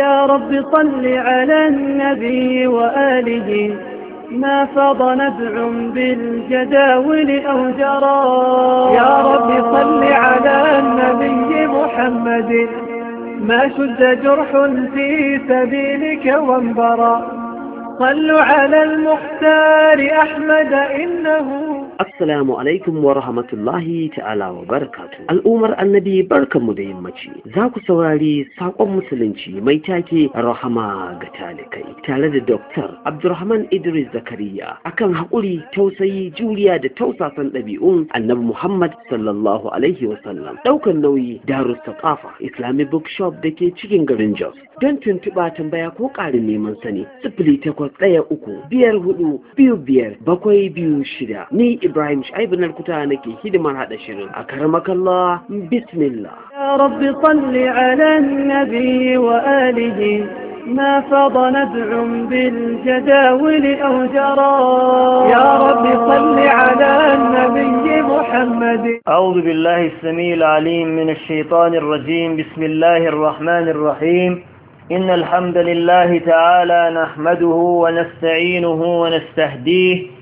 يا رب صل على النبي وآله ما فاض نبع بالجداول أو جرى يا رب صل على النبي محمد ما شد جرح في سبيلك وانبرى صلوا على المختار أحمد إنه Assalamu alaikum wa rahmatullahi ta'ala wa barakatu. Al'ummar annabi barkan mu da yammaci. Za ku saurari saƙon musulunci mai take rahama ga talikai tare da Dr. Abdulrahman Idris Zakariya akan haƙuri, tausayi, juriya da tausasan ɗabi'un annabi Muhammad sallallahu alaihi wa sallam. Ɗaukan nauyi Darus Saqafa Islamic Bookshop da ke cikin garin Jos. Don tuntuɓa tambaya ko ƙarin neman sani sifili takwas ɗaya uku biyar hudu biyu biyar bakwai biyu shida. Ni ابراهيم شعيب na الكتانكي nake hidiman هذا الشرير اكرمك الله بسم الله يا رب صل على النبي واله ما فض نبع بالجداول أو جرى يا رب صل على النبي محمد أعوذ بالله السميع العليم من الشيطان الرجيم بسم الله الرحمن الرحيم إن الحمد لله تعالى نحمده ونستعينه ونستهديه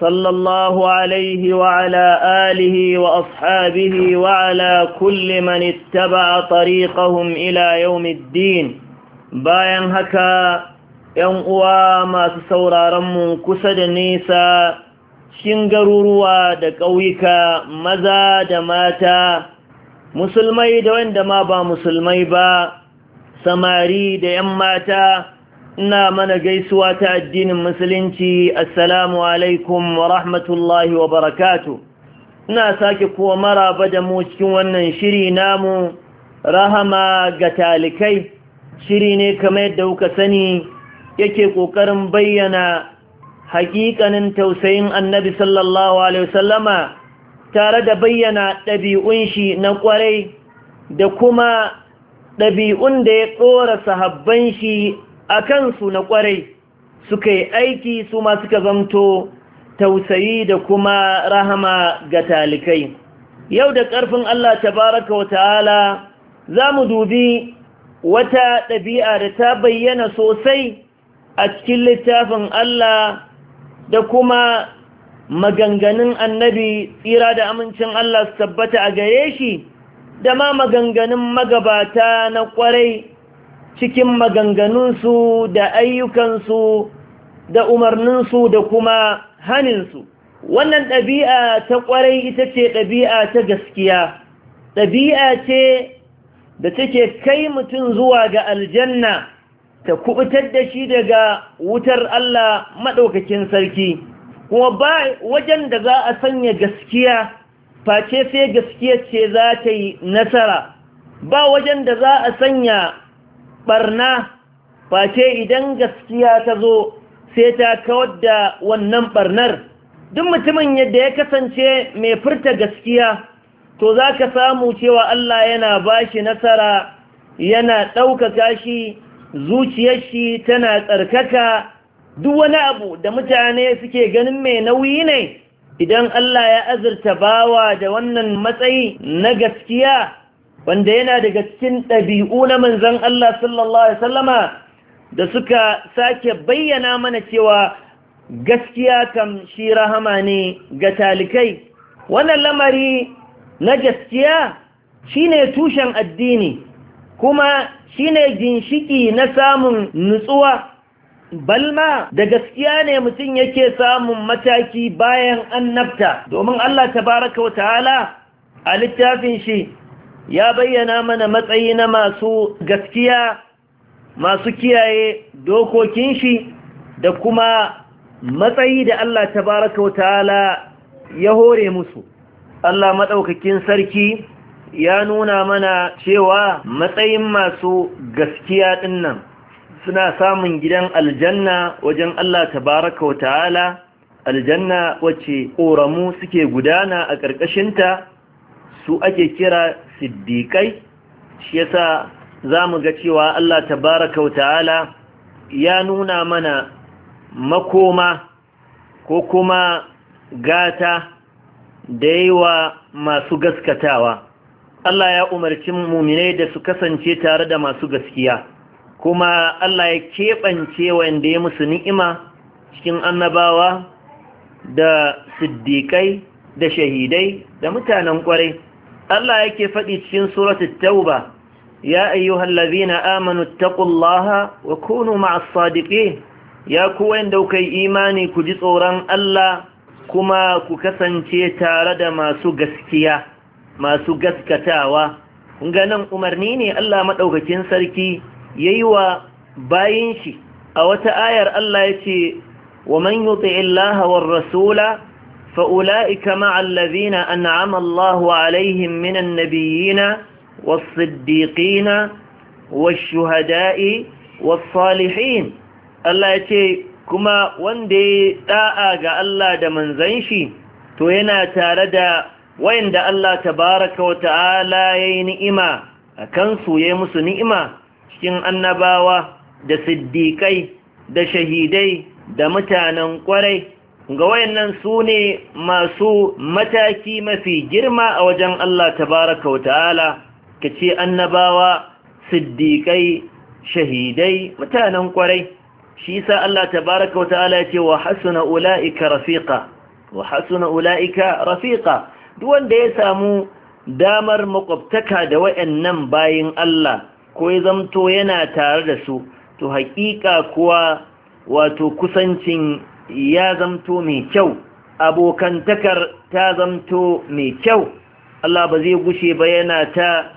صلى الله عليه وعلى آله وأصحابه وعلى كل من اتبع طريقهم إلى يوم الدين bayan haka ‘yan uwa masu sauraronmu kusa da nesa shin garuruwa da ƙauyuka maza da mata musulmai da wanda ma ba musulmai ba samari da ‘yan mata ina mana gaisuwa ta addinin musulunci assalamu alaikum wa rahmatullahi wa barakatu ina sake kuwa maraba da mu cikin wannan shiri namu rahama ga talikai shiri ne kamar yadda kuka sani yake ƙoƙarin bayyana haƙiƙanin tausayin annabi sallallahu alaihi wasallama tare da bayyana ɗabi'un shi na ƙwarai da kuma ɗabi'un da ya ɗora sahabban shi a kansu na kwarai suka yi aiki su ma suka zamto tausayi da kuma rahama ga talikai yau da ƙarfin Allah tabaraka wa ta'ala za mu dubi wata ɗabi'a da ta bayyana sosai a cikin littafin Allah da kuma maganganun annabi tsira da amincin Allah su tabbata a gare shi da ma maganganun magabata na ƙwarai cikin maganganunsu da ayyukansu da umarninsu da kuma haninsu wannan ɗabi'a ta ƙwarai ita ce ɗabi'a ta gaskiya ɗabi'a ce da take kai mutum zuwa ga aljanna ta kubutar da shi daga wutar Allah maɗaukakin sarki kuma ba wajen da za a sanya gaskiya face sai gaskiya ce za ta yi nasara ba wajen da za a sanya ɓarna face idan gaskiya ta zo sai ta kawar da wannan barnar duk mutumin yadda ya kasance mai furta gaskiya to za ka samu cewa Allah yana ba shi nasara yana ɗaukaka shi zuciyar shi tana tsarkaka duk wani abu da mutane suke ganin mai nauyi ne idan Allah ya azurta bawa da wannan matsayi na gaskiya wanda yana daga cikin ɗabi'u na manzan Allah sallallahu Alaihi da suka sake bayyana mana cewa gaskiya kam shi rahama ne ga talikai wannan lamari na gaskiya shine tushen addini kuma shine ginshiki na samun nutsuwa balma da gaskiya ne mutum yake samun mataki bayan annabta domin Allah tabaraka wa ta'ala a littafin shi ya bayyana mana matsayi na masu gaskiya masu kiyaye dokokin shi da kuma matsayi da Allah tabaraka wa ta'ala ya hore musu Allah maɗaukakin sarki ya nuna mana cewa matsayin masu gaskiya ɗinnan suna samun gidan aljanna wajen Allah tabaraka wa ta'ala aljanna wacce ƙoramu suke gudana a ƙarƙashinta su ake kira siddiƙai shi yasa za mu ga cewa Allah tabaraka wa ta'ala ya nuna mana makoma ko kuma gata da yawa masu gaskatawa Allah ya umarci muminai da su kasance tare da masu gaskiya kuma Allah ya keɓance wanda ya musu ni'ima cikin annabawa da siddiƙai da shahidai da mutanen ƙwarai Allah yake faɗi cikin suratul tauba ya ayyuhal ladhina amanu taqullaha wa kunu ma'as sadiqin ya ku wanda kuka imani ku ji tsoron Allah kuma ku kasance tare da masu gaskiya masu gaskatawa ganin umarni ne Allah madaukakin sarki yayi wa bayin shi a wata ayar Allah yace wa man yuti'i war rasula فأولئك مع الذين أنعم الله عليهم من النبيين والصديقين والشهداء والصالحين Allah ya ce kuma wanda ya da'a ga Allah da manzan shi to yana tare da wayanda Allah tabaraka wa ta'ala yayi ni'ima a su ya musu ni'ima cikin annabawa da siddiƙai da shahidai da mutanen ƙwarai ga wayannan su ne masu mataki mafi girma a wajen Allah tabaraka wa ta'ala ka ce annabawa siddiƙai shahidai mutanen ƙwarai shi sa Allah tabaraka wa ta'ala ya ce wa hasuna ula'ika rafiqa wa hasuna ula'ika rafiqa duk wanda ya samu damar maƙwabtaka da wayannan bayin Allah ko ya zamto yana tare da su to haƙiƙa kuwa wato kusancin ya zamto mai kyau abokantakar ta zamto mai kyau Allah ba zai gushe ba yana ta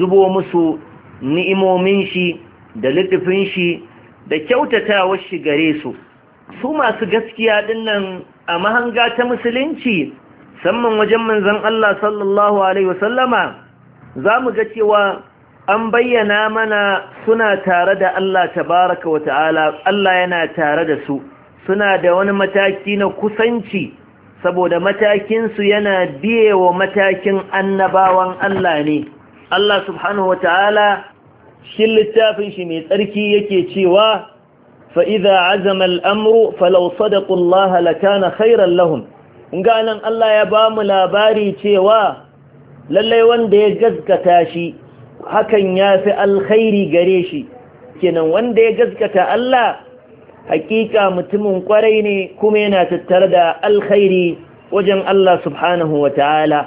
zubo musu ni'imomin shi da littafin shi da kyautata shi gare su su masu gaskiya dinnan a mahanga ta musulunci samman wajen manzon Allah sallallahu alaihi wasallama zamu ga cewa an bayyana mana suna tare da Allah tabaraka wa ta'ala Allah yana tare da su suna da wani mataki na kusanci saboda matakinsu yana biye wa matakin annabawan Allah ne Allah subhanahu wa ta'ala shi littafin shi mai tsarki yake cewa fa'iza azama al'amuru falausa da halata lakana khairan lahun ganin Allah ya ba mu labari cewa lallai wanda ya gaskata shi hakan ya fi alkhairi gare shi kenan wanda ya gaskata Allah hakika mutumin kwarai ne kuma yana tattare da alkhairi wajen Allah subhanahu wa ta'ala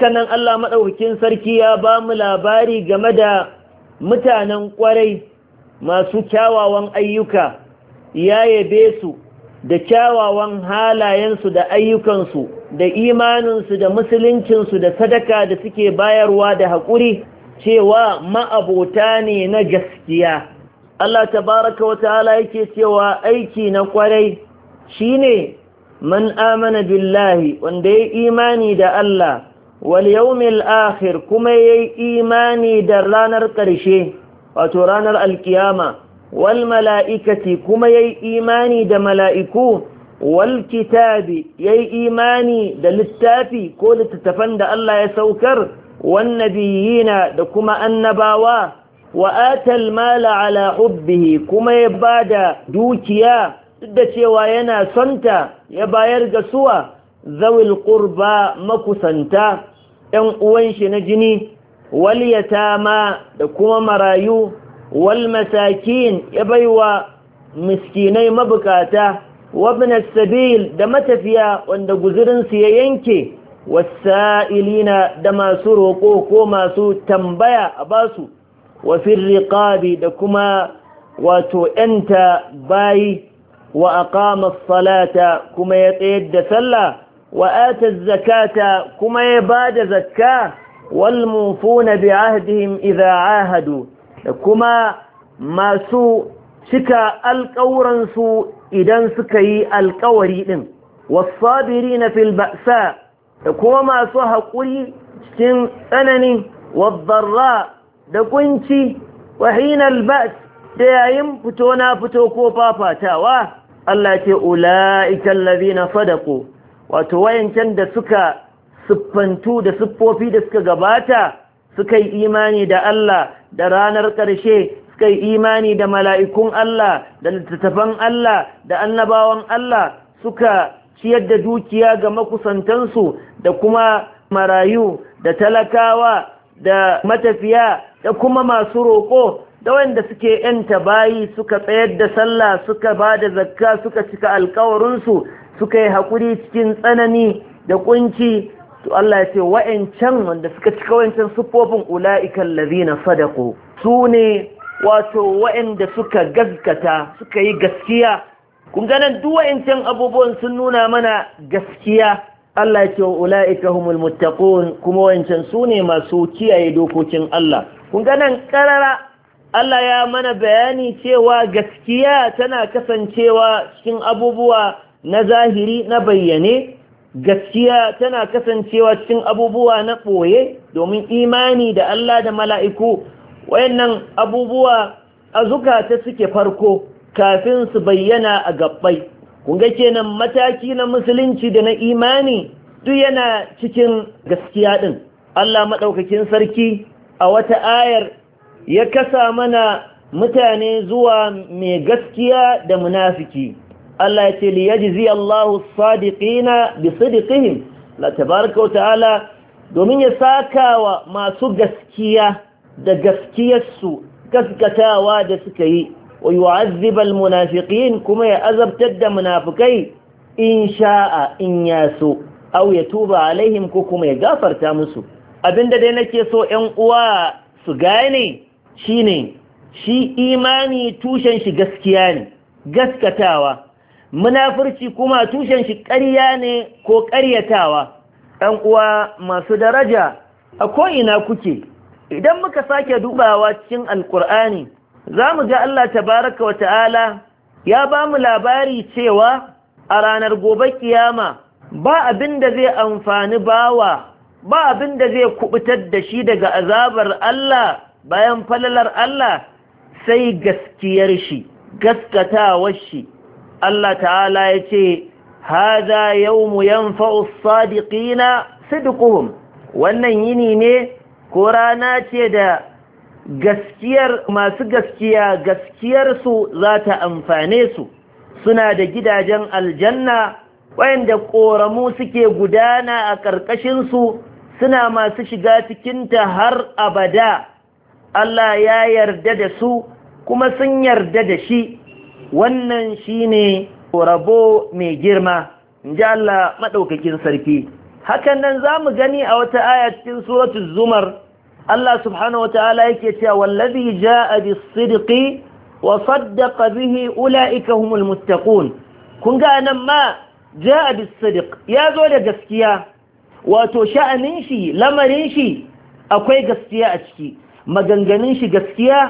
nan, Allah maɗaukakin sarki ya ba mu labari game da mutanen kwarai masu kyawawan ayyuka ya yabe su da kyawawan halayensu da ayyukansu da imaninsu da musuluncinsu da sadaka da suke bayarwa da haƙuri cewa ma'abota ne na gaskiya Allah tabaraka wa ta'ala yake cewa aiki na kwarai shine man amana billahi wanda ya imani da Allah wal yawmil akhir kuma yayi imani da ranar ƙarshe wato ranar alkiyama wal mala'ikati kuma yayi imani da mala'iku wal kitabi yayi imani da littafi ko littattafan da Allah ya saukar wan nabiyina da kuma annabawa wa atal mala ala hubbihi kuma ya bada dukiya duk da cewa yana sonta ya bayar ga suwa zawil qurba makusanta ɗan uwan shi na jini wal yatama da kuma marayu wal masakin ya baiwa miskinai mabukata wabna sabil da matafiya wanda guzurinsu ya yanke wasa'ilina da masu roƙo ko masu tambaya a basu wa firriƙabi da kuma wato ‘yanta bayi wa aqama salata kuma ya tsayar da sallah wa ata zakata kuma ya ba da zakka wal na bi ahadihim idza ahadu da kuma masu cika alƙawuransu idan suka yi alƙawari ɗin wasabiri na filbasa da kuma masu haƙuri cikin tsanani wadda da kunci wa hinal ba's da yayin fito na fito ko fafatawa Allah ce ula'ikal ladina sadaqu wato wayancan da suka siffantu da siffofi da suka gabata suka yi imani da Allah da ranar ƙarshe suka yi imani da mala'ikun Allah da littattafan Allah da annabawan Allah suka ciyar da dukiya ga makusantansu da kuma marayu da talakawa da matafiya da kuma masu roƙo da wanda suke ‘yanta bayi suka tsayar da sallah suka ba da zakka suka cika alkawarinsu suka yi haƙuri cikin tsanani da ƙunci to Allah ya ce wa'ancan wanda suka cika wa'yancan siffofin ula'ikan lazina sadako su ne wato wa'anda suka gaskata suka yi gaskiya kun ganin duk waancan abubuwan sun nuna mana gaskiya Allah ya ce wa ula'ika humul muttaqun kuma wa'ancan su ne masu kiyaye dokokin Allah kun ganan karara Allah ya mana bayani cewa gaskiya tana kasancewa cikin abubuwa na zahiri na bayyane gaskiya tana kasancewa cikin abubuwa na ɓoye domin imani da Allah da mala'iku wayannan abubuwa a zukata suke farko kafin su bayyana a gabbai kunga kenan mataki na musulunci da na imani duk yana cikin gaskiya ɗin Allah maɗaukakin sarki a wata ayar ya kasa mana mutane zuwa mai gaskiya da munafiki Allah ya ce liyajzi Allahu sadiqina bi sidqihim la tabaraka wa ta'ala domin ya sakawa masu gaskiya da gaskiyarsu gaskatawa da suka yi wa yu'azziba almunafiqin kuma ya azabtar da munafikai in sha'a in yaso aw ya tuba alaihim ko kuma ya gafarta musu Abin da dai nake so ‘yan uwa su gane shi ne shi imani tushen shi gaskiya ne gaskatawa munafurci kuma tushen shi ƙarya ne ko ƙaryatawa ɗan uwa masu daraja a ko ina kuke idan muka sake dubawa cikin alkur'ani za mu ga Allah tabaraka wa ta'ala ya ba mu labari cewa a ranar gobe kiyama ba abin da zai amfani bawa ba abin da zai kubutar da shi daga azabar Allah bayan falalar Allah sai gaskiyar shi gaskatawar shi Allah ta'ala ya ce haza yawmu yanfa'u sadiqina sidquhum wannan yini ne ko rana ce da gaskiyar masu gaskiya gaskiyarsu za ta amfane su suna da gidajen aljanna wayanda ƙoramu suke gudana a ƙarƙashinsu suna masu shiga cikinta har abada Allah ya yarda da su kuma sun yarda da shi wannan shine rabo mai girma in ji Allah maɗaukakin sarki hakan nan za mu gani a wata aya cikin suratu zumar Allah subhanahu wa ta'ala yake cewa wallazi ja'a bis-sidqi wa saddaqa bihi ulaika humul muttaqun kun ga nan ma ja'a bis-sidq ya zo da gaskiya wato sha'anin shi lamarin shi akwai gaskiya a ciki maganganun shi gaskiya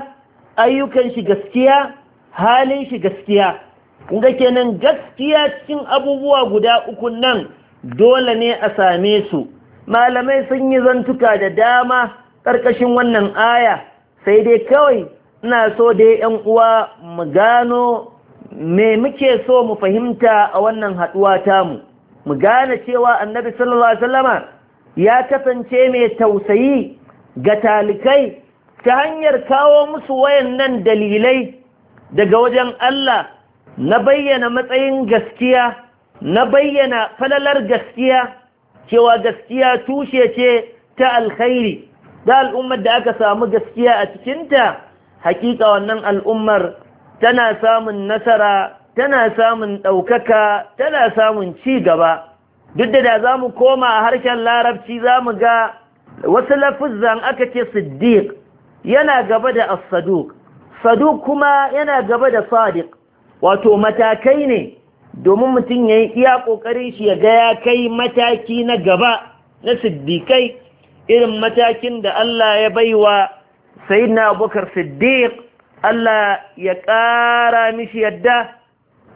ayyukan shi gaskiya halin shi gaskiya inda kenan gaskiya cikin abubuwa guda uku nan dole ne a same su malamai sun yi zantuka da dama ƙarƙashin wannan aya sai dai kawai ina so dai yan uwa mu gano me muke so mu fahimta a wannan haɗuwa tamu mu gane cewa annabi sallallahu alaihi wasallama ya kasance mai tausayi ga talikai ta hanyar kawo musu wayannan dalilai daga wajen Allah na bayyana matsayin gaskiya na bayyana falalar gaskiya cewa gaskiya tushe ce ta alkhairi da al'ummar da aka samu gaskiya a cikinta hakika wannan al'ummar tana samun nasara tana samun ɗaukaka tana samun ci gaba duk da da za mu koma a harshen larabci za mu ga wasu lafizan aka ce siddiq yana gaba da as-saduq saduq kuma yana gaba da sadiq wato matakai ne domin mutum ya yi iya ƙoƙarin shi ya ga ya kai mataki na gaba na siddiƙai irin matakin da Allah ya baiwa sayyidina abubakar siddiq Allah ya ƙara mishi yadda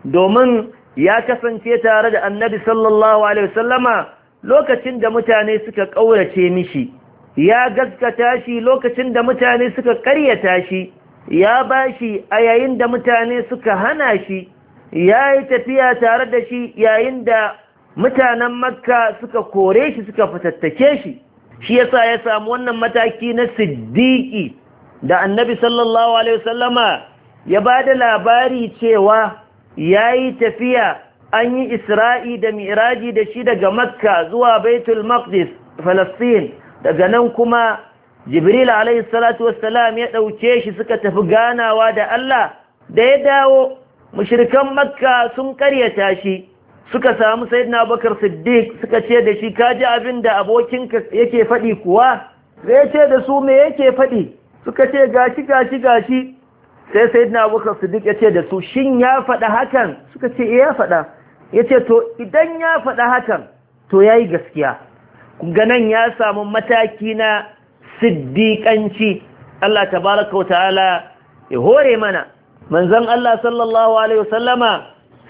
domin ya kasance tare da annabi sallallahu alaihi wasallama lokacin da mutane suka ƙaurace mishi ya gaskata shi lokacin da mutane suka ƙaryata shi ya bashi a yayin da mutane suka hana shi ya yi tafiya tare da shi yayin da mutanen makka suka kore shi suka fatattake shi shi yasa ya samu wannan mataki na siddiƙi da annabi sallallahu alaihi wasallama ya ba da labari cewa ya yi tafiya an yi isra'i da mi'raji da shi daga makka zuwa baitul maqdis falastin daga nan kuma jibril alaihi salatu wassalam ya ɗauke shi suka tafi ganawa da allah da ya dawo mashirkan makka sun karyata shi suka samu sayyidina bakar siddiq suka ce da shi kaji abin da abokinka yake faɗi kuwa zai ce da su me yake faɗi suka ce gashi gashi gashi sai sayyidina abubakar siddiq ya ce da su shin ya faɗa hakan suka ce eh, ya faɗa ya ce to idan ya faɗa hakan to ya yi gaskiya ganan ya samu mataki na siddiƙanci Allah baraka wa ta'ala ya hore mana manzon Allah sallallahu alaihi wasallama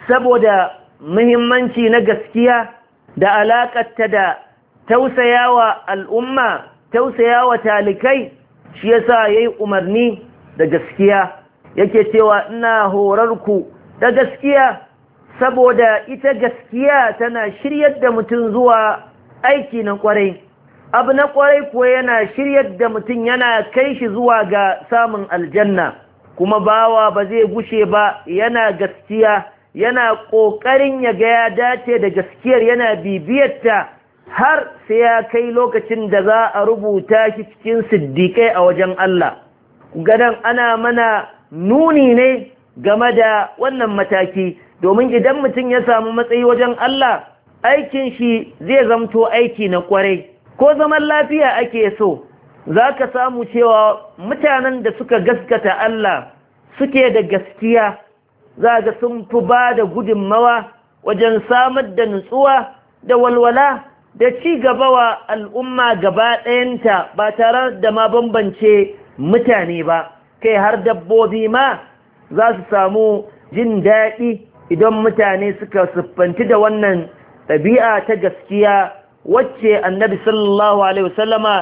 saboda muhimmanci na gaskiya da alaƙarta da tausayawa al'umma tausayawa talikai shi yasa yi umarni da gaskiya yake cewa ina horarku da gaskiya saboda ita gaskiya tana shiryar da mutum zuwa aiki na kwarai abu na kwarai kuwa yana shiryar da mutum yana kai shi zuwa ga samun aljanna kuma bawa ba zai gushe ba yana gaskiya yana ƙoƙarin ya ga ya dace da gaskiyar yana bibiyarta har sai ya kai lokacin da za a rubuta shi cikin siddiƙai a wajen Allah. gadon ana mana nuni ne game da wannan mataki domin idan mutum ya samu matsayi wajen Allah aikin shi zai zamto aiki na kwarai ko zaman lafiya ake so za ka samu cewa mutanen da suka gaskata Allah suke da gaskiya za ga sun fi ba da gudunmawa wajen samar da nutsuwa da walwala da ci gaba wa al'umma gaba ɗayanta ba tare da ma bambance mutane ba kai har dabbobi ma za su samu jin daɗi idan mutane suka siffanci da wannan ɗabi'a ta gaskiya wacce annabi sallallahu alaihi wasallama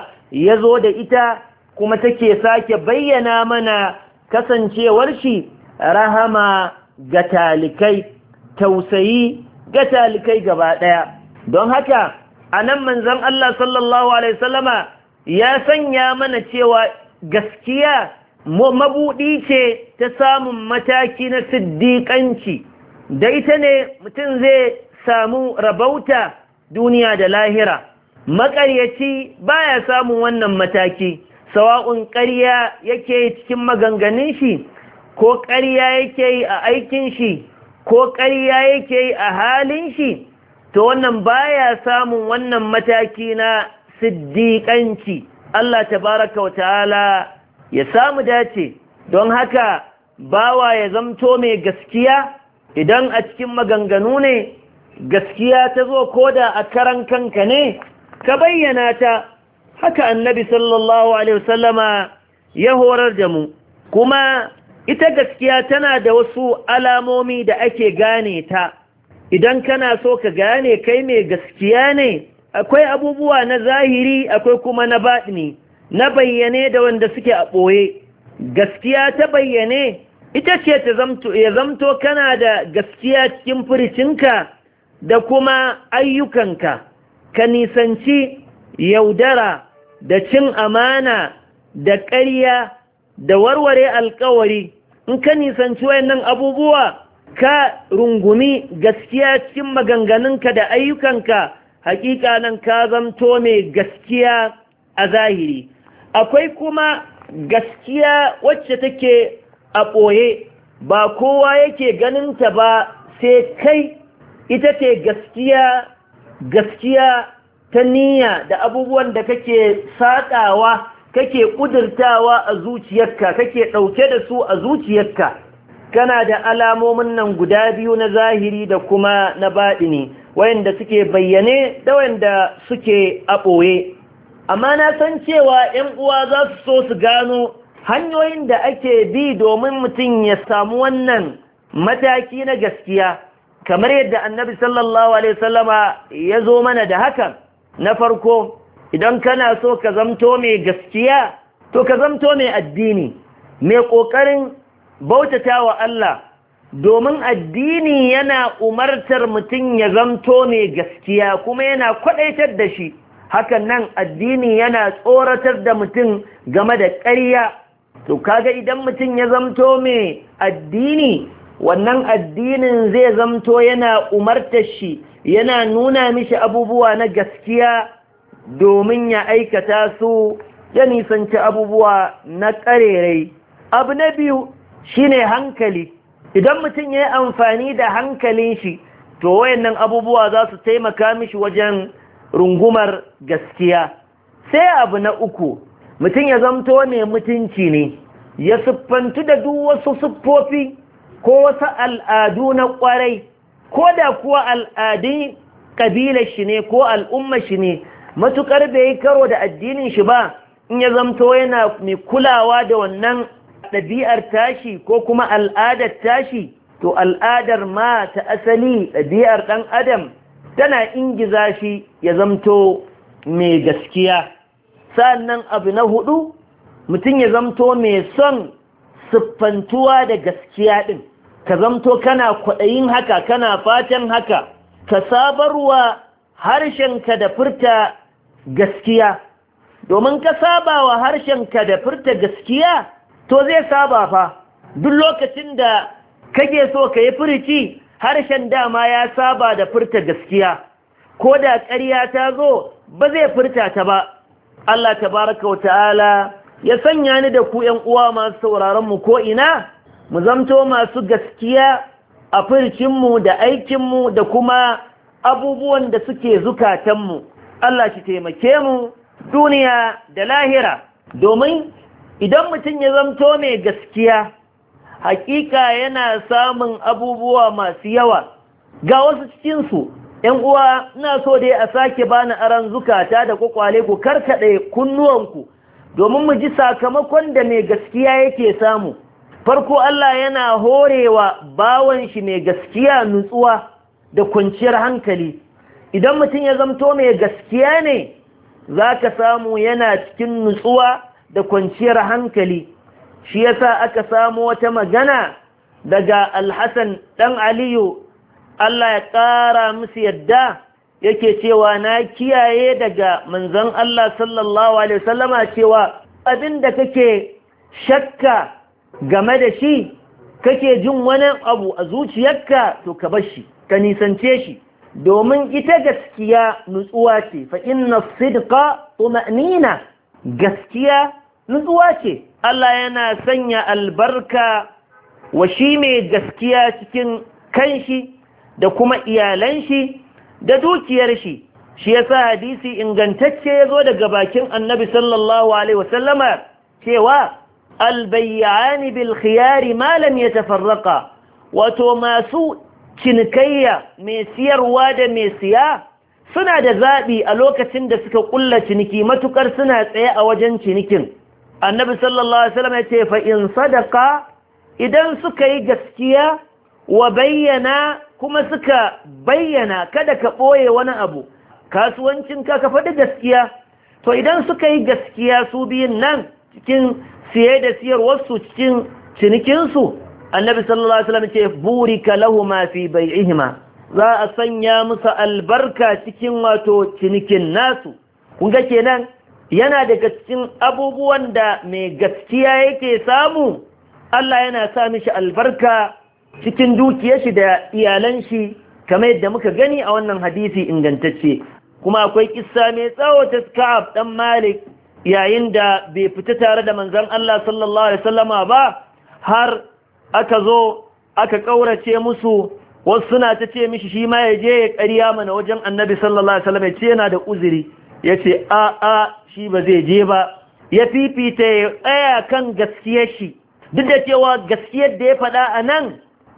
ya zo da ita kuma take sake bayyana mana kasancewar shi rahama ga talikai tausayi ga talikai gaba ɗaya don haka a nan manzan Allah sallallahu alaihi wasallama ya sanya mana cewa gaskiya mabuɗi ce ta samun mataki na siddiƙanci da ita ne mutum zai samu rabauta duniya da lahira maƙaryaci baya samun wannan mataki sawa'un ƙarya yake cikin maganganun shi ko ƙarya yake yi a aikin shi ko ƙarya yake yi a halin shi to wannan baya samun wannan mataki na siddiƙanci Allah ta baraka wa ta'ala ya samu dace don haka bawa ya zamto mai gaskiya idan a cikin maganganu ne gaskiya ta zo ko da a karan kanka ne ka bayyana ta haka annabi sallallahu alaihi wasallama ya horar da mu kuma ita gaskiya tana da wasu alamomi da ake gane ta idan kana so ka gane kai mai gaskiya ne akwai abubuwa na zahiri akwai kuma na baɗini na bayyane da wanda suke a ɓoye gaskiya ta bayyane ita ce ya zamto kana da gaskiya cikin furicinka da kuma ayyukanka ka nisanci yaudara da cin amana da ƙarya da warware alkawari in ka nisanci wayannan abubuwa ka rungumi gaskiya cikin maganganunka da ayyukanka hakika nan ka zamto mai gaskiya a zahiri akwai kuma gaskiya wacce take a ɓoye ba kowa yake ganin ta ba sai kai ita ce gaskiya gaskiya ta niyya da abubuwan da kake saɗawa kake ƙudurtawa a zuciyarka kake ɗauke da su a zuciyarka kana da alamomin nan guda biyu na zahiri da kuma na baɗini wayanda suke bayyane da wayanda suke a ɓoye amma na san cewa 'yan uwa za su so su gano hanyoyin da ake bi domin mutum ya samu wannan mataki na gaskiya kamar yadda annabi sallallahu alaihi wasallama ya zo mana da hakan na farko idan kana so ka zamto mai gaskiya to ka zamto mai addini mai ƙoƙarin bautata wa Allah domin addini yana umartar mutum ya zamto mai gaskiya kuma yana kwaɗaitar da shi hakan nan addini yana tsoratar da mutum game da ƙarya to kaga idan mutum ya zamto mai addini wannan addinin zai zamto yana umartar shi yana nuna mishi abubuwa na gaskiya domin ya aikata su ya nisanci abubuwa na ƙarerai abu na biyu shine hankali idan mutum ya yi amfani da hankalin shi to wayannan abubuwa za su taimaka mishi wajen rungumar gaskiya sai abu na uku mutum ya zamto mai mutunci ne ya siffantu da duk wasu siffofi ko wasu al'adu na ƙwarai ko da kuwa al'adun ƙabilar shi ne ko al'umma shi ne matuƙar bai yi karo da addinin shi ba in ya zamto yana mai kulawa da wannan ɗabi'ar tashi ko kuma al'adar tashi to al'adar ma ta asali ɗabi'ar ɗan adam tana ingiza shi ya zamto mai gaskiya sannan abu na hudu mutum ya zamto mai son siffantuwa da gaskiya ɗin ka zamto kana kwaɗayin haka kana fatan haka ka sabarwa harshenka da furta gaskiya domin ka saba wa harshenka da furta gaskiya to zai saba fa duk lokacin da kake so ka yi furici harshen dama ya saba da furta gaskiya ko da ƙarya ta zo ba zai furta ta ba Allah tabaraka wa ta'ala ya sanya ni da ku ƴan uwa masu sauraron mu ko ina mu zamto masu gaskiya a furcin mu da aikin mu da kuma abubuwan da suke zukatan mu Allah shi taimake mu duniya da lahira domin idan mutum ya zamto mai gaskiya hakika yana samun abubuwa masu yawa ga wasu cikinsu ‘yan uwa ina so dai a sake bani aran zukata da kwakwale ku karkaɗe kunnuwanku domin mu ji sakamakon da mai gaskiya yake samu farko Allah yana horewa bawan shi mai gaskiya nutsuwa da kwanciyar hankali idan mutum ya zamto mai gaskiya ne za ka samu yana cikin nutsuwa da kwanciyar hankali shi yasa aka samu wata magana daga alhassan ɗan aliyu Allah ya ƙara musu yadda yake cewa na kiyaye daga manzon Allah sallallahu alaihi wasallama cewa abin da kake shakka game da shi kake jin wani abu a zuciyarka to ka bar shi ka nisance shi domin ita gaskiya nutsuwa ce fa inna sidqa tuma'nina gaskiya nutsuwa ce Allah yana sanya albarka wa shi mai gaskiya cikin kanshi da kuma iyalan shi da dukiyar shi shi yasa hadisi ingantacce ya zo daga bakin annabi sallallahu alaihi wasallama cewa albayyani bilkhiyari khiyari ya tafarraka wato masu cinikayya mai siyarwa da mai siya suna da zaɓi a lokacin da suka ƙulla ciniki matukar suna tsaye a wajen cinikin annabi sallallahu alaihi wasallam yace fa in sadaka idan suka yi gaskiya wa bayyana kuma suka bayyana kada ka ɓoye wani abu kasuwancin ka ka faɗi gaskiya to idan suka yi gaskiya su biyun nan cikin siye da siyarwarsu cikin cinikinsu annabi sallallahu alaihi wasallam ce burika lahuma fi bai'ihima za a sanya musu albarka cikin wato cinikin nasu kun ga kenan yana daga cikin abubuwan da mai gaskiya yake samu Allah yana sa mishi albarka cikin dukiyar shi da iyalan shi kamar yadda muka gani a wannan hadisi ingantacce kuma akwai kissa mai tsawo ta Ka'ab dan Malik yayin da bai fita tare da manzon Allah sallallahu alaihi wasallama ba har aka zo aka kaurace musu wasu suna ta ce mishi shi ma ya je ya ƙarya mana wajen annabi sallallahu alaihi wasallam ya ce yana da uzuri Yace a'a. a a shi ba zai je ba ya fifita ya tsaya kan gaskiyar shi duk da cewa gaskiyar da ya faɗa a nan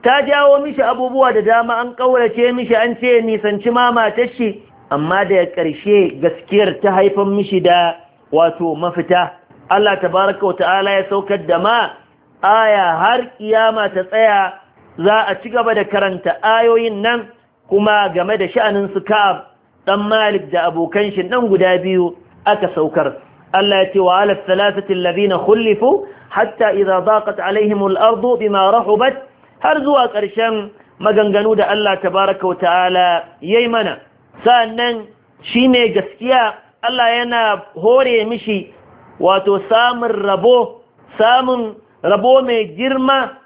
ta jawo mishi abubuwa da dama an ƙaurace mishi an ce nisanci mamatar shi amma da ya ƙarshe gaskiyar ta haifan mishi da wato mafita Allah tabaraka wa ta'ala ya saukar da ma aya har kiyama ta tsaya za a ci gaba da karanta ayoyin nan kuma game da sha'anin su ka'ab dan Malik da abokan shi nan guda biyu aka saukar Allah ya ce wa ala thalathati alladhina khulifu hatta idza daqat alaihimul al-ardu bima rahubat har zuwa ƙarshen maganganu da Allah tabaraka wa ta'ala yayi mana sannan shi mai gaskiya Allah yana hore mishi wato samun rabo samun rabo mai girma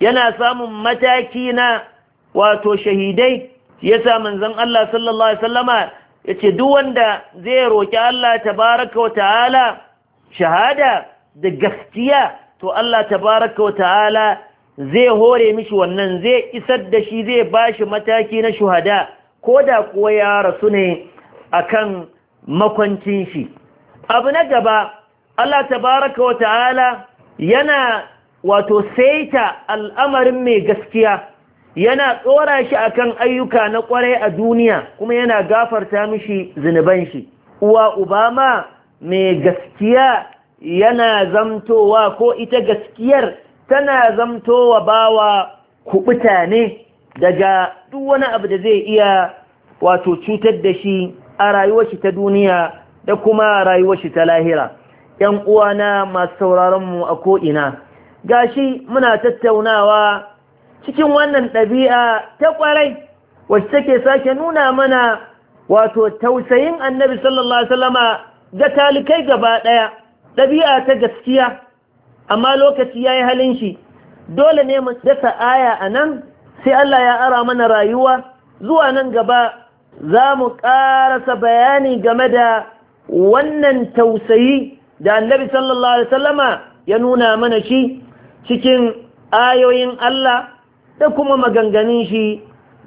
yana samun mataki na wato shahidai ya sa manzon Allah sallallahu alaihi wasallama yace duk wanda zai roƙi Allah tabaraka wa ta'ala shahada da gaskiya to Allah tabaraka wa ta'ala zai hore mishi wannan zai isar da shi zai bashi mataki na shuhada ko da kuwa ya rasu ne kan makwancin shi abu na gaba Allah tabaraka wa ta'ala yana wato saita al'amarin mai gaskiya yana tsora shi akan ayyuka na kwarai a duniya kuma yana gafarta mishi zunuban shi uwa obama mai gaskiya yana zamtowa ko ita gaskiyar tana zamtowa bawa kubuta ne daga duk wani abu da zai iya wato cutar da shi a rayuwar shi ta duniya da kuma rayuwar shi ta lahira yan uwana masu sauraron mu a ko'ina gashi muna tattaunawa cikin wannan ɗabi'a ta ƙwarai wacce take sake nuna mana wato tausayin annabi sallallahu alaihi ga talikai gaba ɗaya ɗabi'a ta gaskiya amma lokaci ya yi halin shi dole ne mu dasa aya a nan sai Allah ya ara mana rayuwa zuwa nan gaba za mu ƙarasa bayani game da wannan tausayi da annabi sallallahu alaihi ya nuna mana shi cikin ayoyin Allah da kuma maganganun shi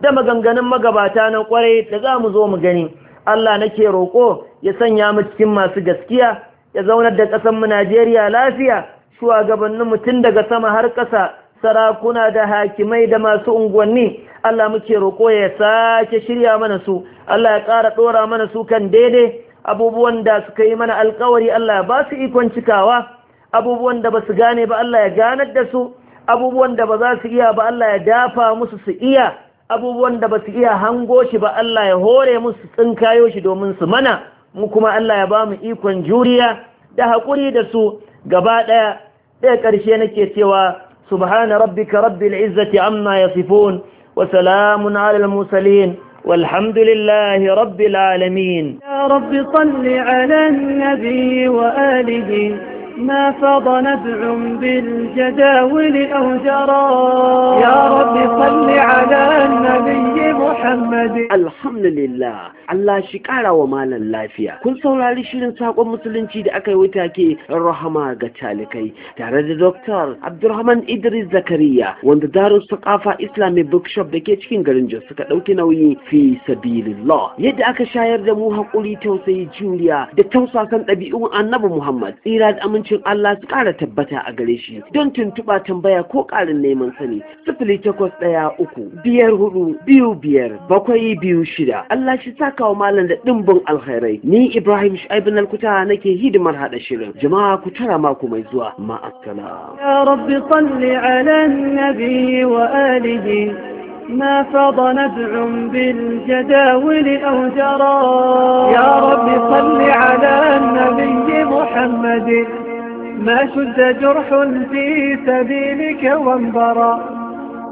da maganganun magabata na kwarai da za mu zo mu gani Allah nake roƙo ya sanya mu cikin masu gaskiya ya zaunar da ƙasar mu Najeriya lafiya shugabannin mu tun daga sama har ƙasa sarakuna da hakimai da masu unguwanni Allah muke roƙo ya sake shirya mana su Allah ya ƙara ɗora mana su kan daidai abubuwan da suka yi mana alkawari Allah ya ba su ikon cikawa abubuwan da ba su gane ba Allah ya ganar da su abubuwan da ba za su iya ba Allah ya dafa musu su iya abubuwan da ba su iya hango shi ba Allah ya hore musu tsinkayo shi domin su mana mu kuma Allah ya ba mu ikon juriya da haƙuri da su gaba ɗaya ɗaya ƙarshe nake cewa subhana rabbika rabbil izzati amma yasifun wa salamun alal mursalin والحمد لله رب العالمين يا رب صل على النبي وآله ما فض نبع بالجداول أو جرى يا رب صل على النبي Muhammad. Alhamdulillah, Allah shi kara wa malam lafiya. Kun saurari shirin saƙon musulunci da aka yi wuta ke rahama ga talikai tare da Dr. Abdulrahman Idris Zakariya wanda darun sakafa Islamic Bookshop da ke cikin garin Jos suka ɗauki nauyi fi sabilillah. Yadda aka shayar da mu haƙuri tausayi juriya da tausasan ɗabi'un Annabi Muhammad. Tsira da hukuncin Allah su ƙara tabbata a gare shi don tuntuɓa tambaya ko ƙarin neman sani sifili takwas ɗaya uku biyar hudu biyu biyar bakwai biyu shida Allah shi sakawa kawo malam da ɗimbin alkhairai ni Ibrahim Shu'aib Nalkuta nake hidimar haɗa shirin jama'a ku tara mako mai zuwa ma'assalam. Ya Rabbi salli ala nabi wa alihi ما فض نبع بالجداول أو جرى يا رب صل على النبي محمد ما شد جرح في سبيلك وانبرى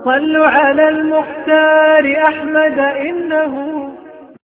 صلوا على المختار أحمد إنه